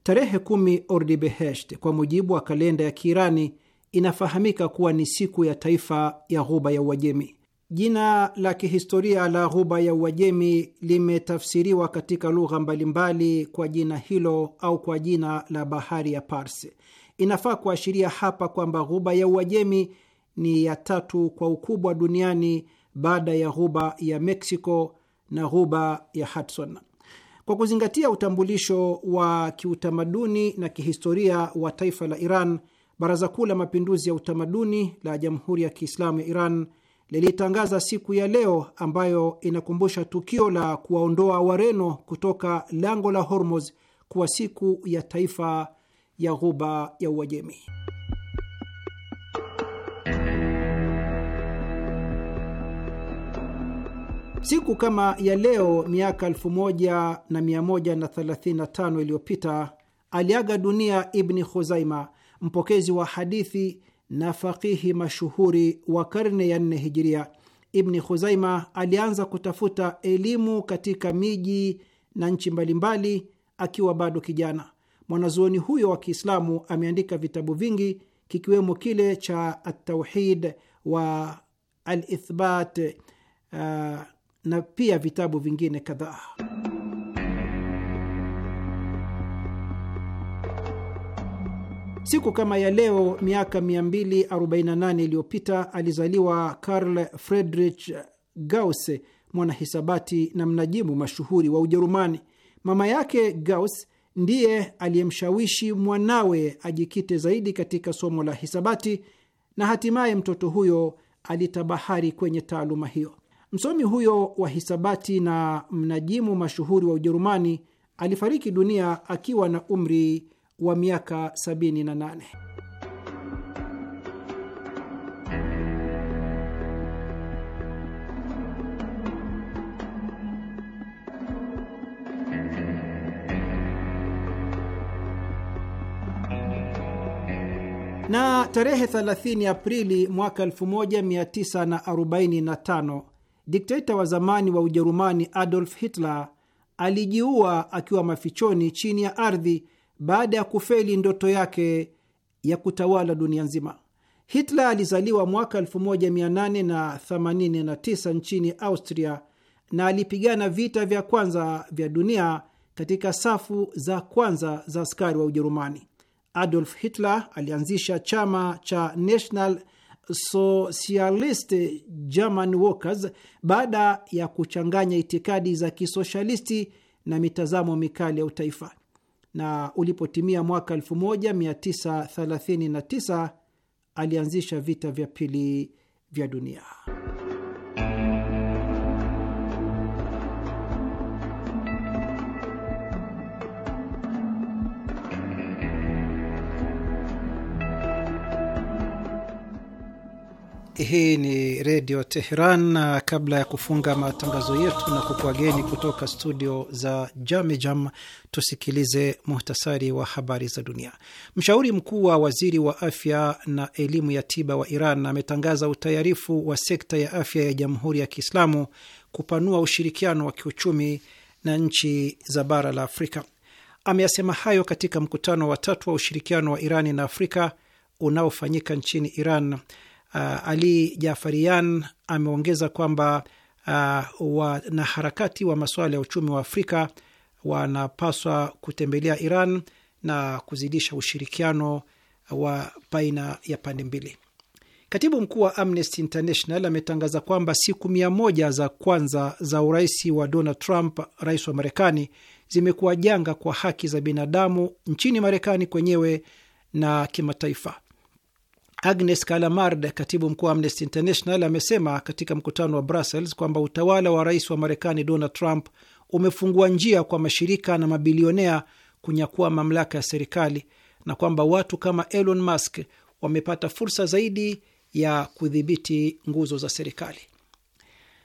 Tarehe kumi Ordibehesht kwa mujibu wa kalenda ya Kiirani inafahamika kuwa ni siku ya taifa ya Ghuba ya Uajemi. Jina la kihistoria la Ghuba ya Uajemi limetafsiriwa katika lugha mbalimbali kwa jina hilo au kwa jina la bahari ya Pars. Inafaa kuashiria hapa kwamba Ghuba ya Uajemi ni ya tatu kwa ukubwa duniani baada ya Ghuba ya Meksiko na Ghuba ya Hudson. Kwa kuzingatia utambulisho wa kiutamaduni na kihistoria wa taifa la Iran, Baraza Kuu la Mapinduzi ya Utamaduni la Jamhuri ya Kiislamu ya Iran lilitangaza siku ya leo ambayo inakumbusha tukio la kuwaondoa Wareno kutoka lango la Hormuz kuwa siku ya taifa ya Ghuba ya Uajemi. Siku kama ya leo miaka 1135 iliyopita aliaga dunia Ibni Khuzaima, mpokezi wa hadithi na faqihi mashuhuri wa karne ya nne Hijiria. Ibni Khuzaima alianza kutafuta elimu katika miji na nchi mbalimbali akiwa bado kijana. Mwanazuoni huyo wa Kiislamu ameandika vitabu vingi kikiwemo kile cha Atauhid wa Alithbat uh, na pia vitabu vingine kadhaa. Siku kama ya leo miaka 248 iliyopita alizaliwa Karl Friedrich Gauss, mwanahisabati na mnajimu mashuhuri wa Ujerumani. Mama yake Gauss ndiye aliyemshawishi mwanawe ajikite zaidi katika somo la hisabati na hatimaye mtoto huyo alitabahari kwenye taaluma hiyo. Msomi huyo wa hisabati na mnajimu mashuhuri wa Ujerumani alifariki dunia akiwa na umri wa miaka 78. na tarehe 30 Aprili mwaka 1945 Dikteta wa zamani wa Ujerumani Adolf Hitler alijiua akiwa mafichoni chini ya ardhi baada ya kufeli ndoto yake ya kutawala dunia nzima. Hitler alizaliwa mwaka 1889 nchini Austria na alipigana vita vya kwanza vya dunia katika safu za kwanza za askari wa Ujerumani. Adolf Hitler alianzisha chama cha National Socialist German Workers baada ya kuchanganya itikadi za kisoshalisti na mitazamo mikali ya utaifa, na ulipotimia mwaka 1939 alianzisha vita vya pili vya dunia. Hii ni Redio Teheran, na kabla ya kufunga matangazo yetu na kukuageni kutoka studio za Jamejam, tusikilize muhtasari wa habari za dunia. Mshauri mkuu wa waziri wa afya na elimu ya tiba wa Iran ametangaza utayarifu wa sekta ya afya ya Jamhuri ya Kiislamu kupanua ushirikiano wa kiuchumi na nchi za bara la Afrika. Ameyasema hayo katika mkutano wa tatu wa ushirikiano wa Irani na Afrika unaofanyika nchini Iran Uh, Ali Jafarian ameongeza kwamba uh, wanaharakati wa masuala ya uchumi wa Afrika wanapaswa kutembelea Iran na kuzidisha ushirikiano wa baina ya pande mbili. Katibu mkuu wa Amnesty International ametangaza kwamba siku mia moja za kwanza za urais wa Donald Trump, rais wa Marekani, zimekuwa janga kwa haki za binadamu nchini Marekani kwenyewe na kimataifa. Agnes Kalamard, katibu mkuu wa Amnesty International, amesema katika mkutano wa Brussels kwamba utawala wa rais wa Marekani Donald Trump umefungua njia kwa mashirika na mabilionea kunyakua mamlaka ya serikali na kwamba watu kama Elon Musk wamepata fursa zaidi ya kudhibiti nguzo za serikali.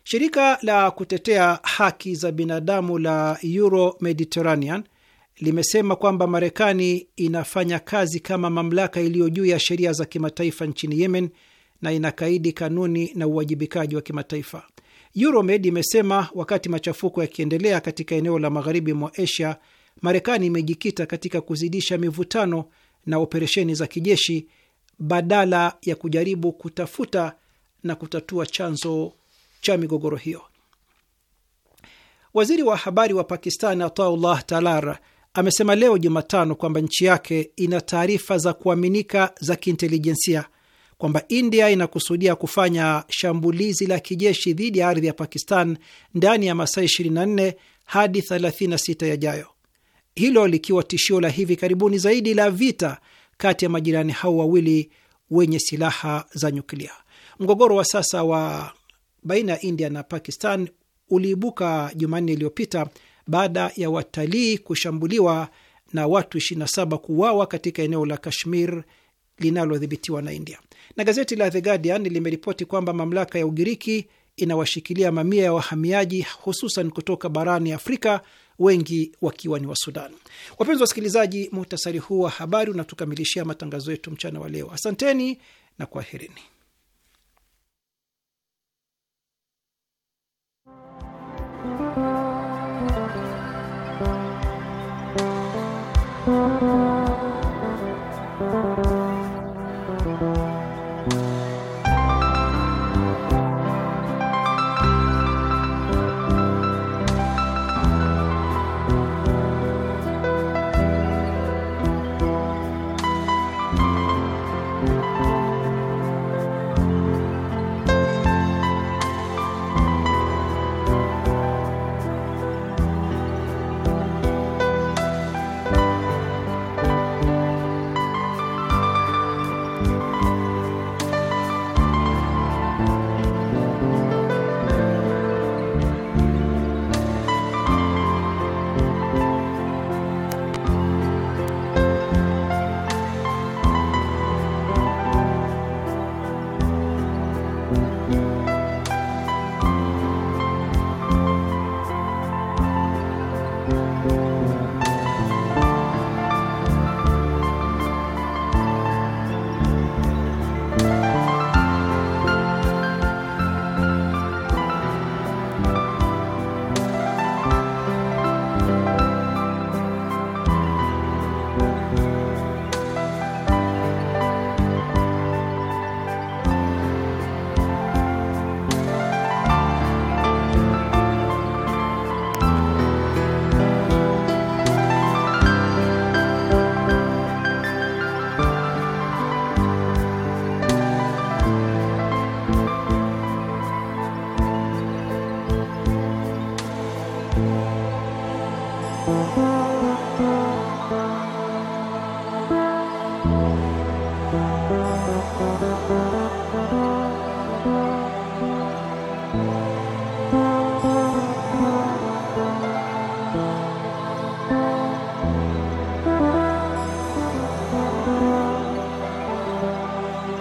Shirika la kutetea haki za binadamu la Euro Mediterranean limesema kwamba Marekani inafanya kazi kama mamlaka iliyo juu ya sheria za kimataifa nchini Yemen na inakaidi kanuni na uwajibikaji wa kimataifa. Euromed imesema wakati machafuko yakiendelea katika eneo la magharibi mwa Asia, Marekani imejikita katika kuzidisha mivutano na operesheni za kijeshi badala ya kujaribu kutafuta na kutatua chanzo cha migogoro hiyo. Waziri wa habari wa Pakistan Ataullah Talar amesema leo Jumatano kwamba nchi yake ina taarifa za kuaminika za kiintelijensia kwamba India inakusudia kufanya shambulizi la kijeshi dhidi ya ardhi ya Pakistan ndani ya masaa 24 hadi 36 yajayo, hilo likiwa tishio la hivi karibuni zaidi la vita kati ya majirani hao wawili wenye silaha za nyuklia. Mgogoro wa sasa wa baina ya India na Pakistan uliibuka Jumanne iliyopita baada ya watalii kushambuliwa na watu 27 kuuawa katika eneo la Kashmir linalodhibitiwa na India. Na gazeti la The Guardian limeripoti kwamba mamlaka ya Ugiriki inawashikilia mamia ya wahamiaji hususan kutoka barani Afrika, wengi wakiwa ni wa Sudan. Wapenzi wasikilizaji, muhtasari huu wa habari unatukamilishia matangazo yetu mchana wa leo. Asanteni na kwaherini. Thank you.